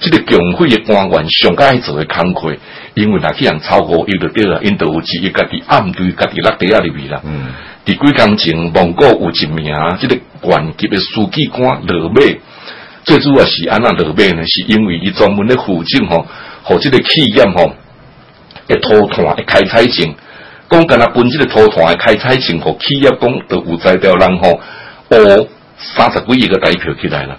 即、這個行賄的官員上愛做嘅工課，因為若去人炒股，伊着對啦，因有資伊家己暗底家己落底啊入邊啦。嗯。佇規工前，蒙古有一名即、這個縣級嘅書記官老馬，最主要是安那老馬呢，是因為伊專門咧負責吼，互即個企業吼、哦，誒，托團誒，開採性，講干若分即個托團誒，開採性互企業講，着有在表人吼，哦，三十幾億嘅底票起來啦。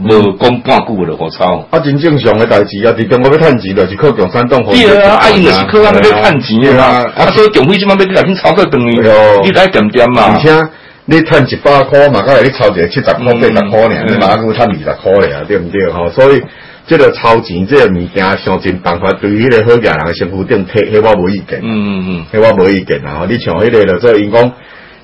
無講半句了，我操！啊，真正常個代志啊，佇中國要趁錢靠山東啊，啊啊因為是靠賺錢對啊，對啊，啊，啊，啊，所以即、啊、要你來等於來嘛啊啊。啊啊啊啊、啊啊塊塊，而且你趁一百塊嘛，佮、嗯、你炒個七十塊、八十塊嘛趁二十塊對唔對？吼，所以這個炒股這個物件，上盡辦法，對迄個好嘅人嘅生活頂提，迄我無意見。嗯嗯嗯，迄我無意見吼、哦，你像迄個了，做員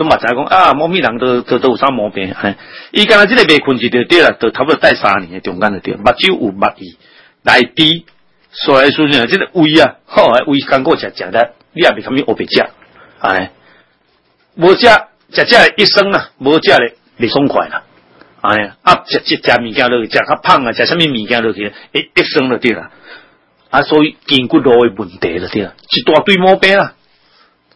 都啊！人都都都有啥毛病嚇。而家未困就對啦，都差不多戴三年嘅中間就對了。目睭有目耳，內鼻，所以即、這個胃啊，胃乾過食食得，你也咪食咩我唔食？唉，冇食食食一生啊，冇食咧冇鬆快啦。唉，啊食食物件落去，食較胖啊，食咩物件落去，一生就對啦。啊，所以筋骨路嘅問題就對啦，一大堆毛病啊！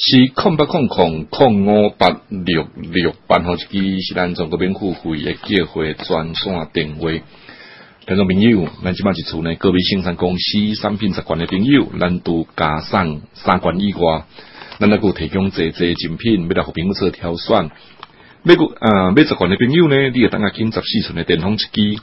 是空八空空空五八六六，萬好一支，是咱中國免付費嘅激活專線定位。聽眾朋友，咱即仔日厝內各位生產公司產品習慣嘅朋友，咱多加上三罐以外，咱能提供儕儕精品，俾來朋友做挑選。每個呃每習慣嘅朋友呢，你要等下金十四寸嘅電風一支。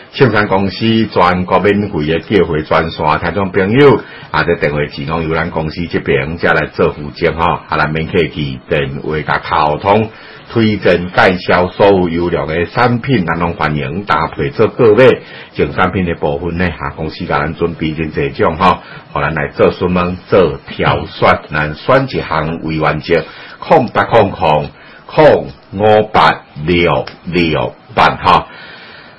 青山公司全國免費嘅電話專線，聽眾朋友啊，就電話自動由咱公司這邊再來做服務，吼、啊，咱免客氣，電話甲溝通，推薦介紹所有優良嘅產品，阿攏歡迎搭配做各位整產品嘅部分咧，哈、啊、公司個咱準備真濟種，吼、啊，好咱來做詢問、做挑選，咱、啊、選一項為完結，空打空空空，五八六六八哈。啊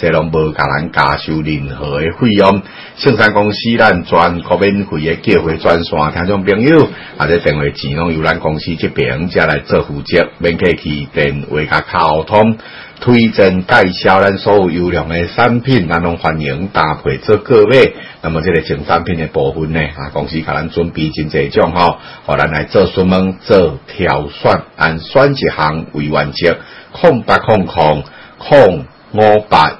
即攏無甲咱加收任何嘅費用，聖山公司咱全國免費嘅交會專線，聽眾朋友啊，啊者電話錢攏由咱公司這邊再來做負責，免客氣電話加溝通，推薦介紹咱所有優良嘅產品，咱攏歡迎搭配做購買。那麼即個新產品嘅部分呢？啊，公司甲咱準備真儕種吼，哦、互咱來做詢問、做挑選，按選一項為原則，空白空空空五八。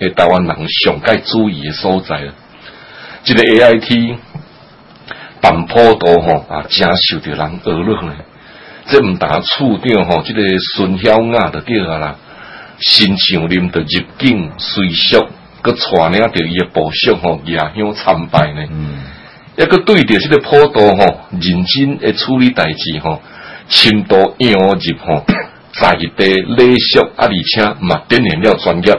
誒，台灣人上該注意嘅所在啦，即、這個 A I T，板坡道吼，啊，真受着人惡、這個啊這個、了咧。即唔單處長吼，即個孫曉雅就叫啊啦，新上林着入境隨俗，佮帶領着伊嘅報銷吼，也香參拜呢。抑、嗯、個對着即個坡道吼、啊，認真來處理代志吼，深度融入吼，在地禮俗啊而且嘛、啊，點燃了專業。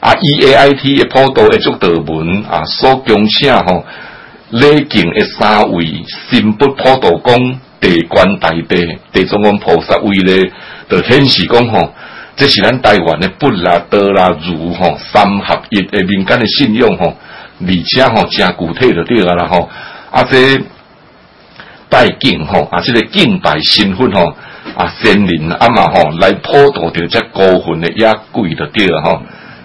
啊！E A I T 嘅普道嘅足道門啊，所強盛吼，禮敬嘅三位神佛普道公地觀大帝地，藏王菩薩位咧，著顯示講吼，即、哦、是咱台灣嘅佛啦道啦儒吼、哦、三合一嘅民間嘅信仰吼、哦，而且吼食具體著對啊啦吼，啊即拜敬吼，啊即、這個敬拜身份吼、哦，啊先人啊嘛吼、啊，來普道著即孤魂嘅野鬼著對吼。哦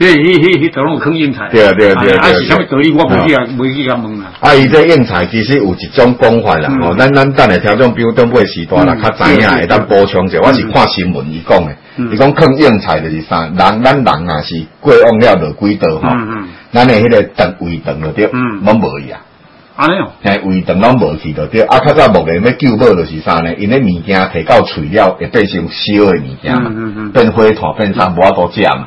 對，即、即、即，度攏坑蕹菜。對啊，對啊，對啊，對啊。還、啊啊啊啊啊、是什麼？阿姨，我不知、啊啊啊啊啊、個，唔知個問啦。阿姨，即蕹菜其實有一種講法啦。吼、嗯，咱咱等下調整標準，買時大啦，嗯、較知影，會當補充者。我是看新聞伊講嘅。伊講坑蕹菜就是啥？嗯、人咱人若、啊、是過往了落幾代吼。咱誒，迄個腸胃腸着對。嗯。攏無去啊。安尼哦。嘿，胃腸攏無去着對。啊，較早木嘅要救胃着是啥呢？因為物件摕到嘴了，會變成燒嘅物件嘛。嗯嗯變花糖變啥？無法度食嘛。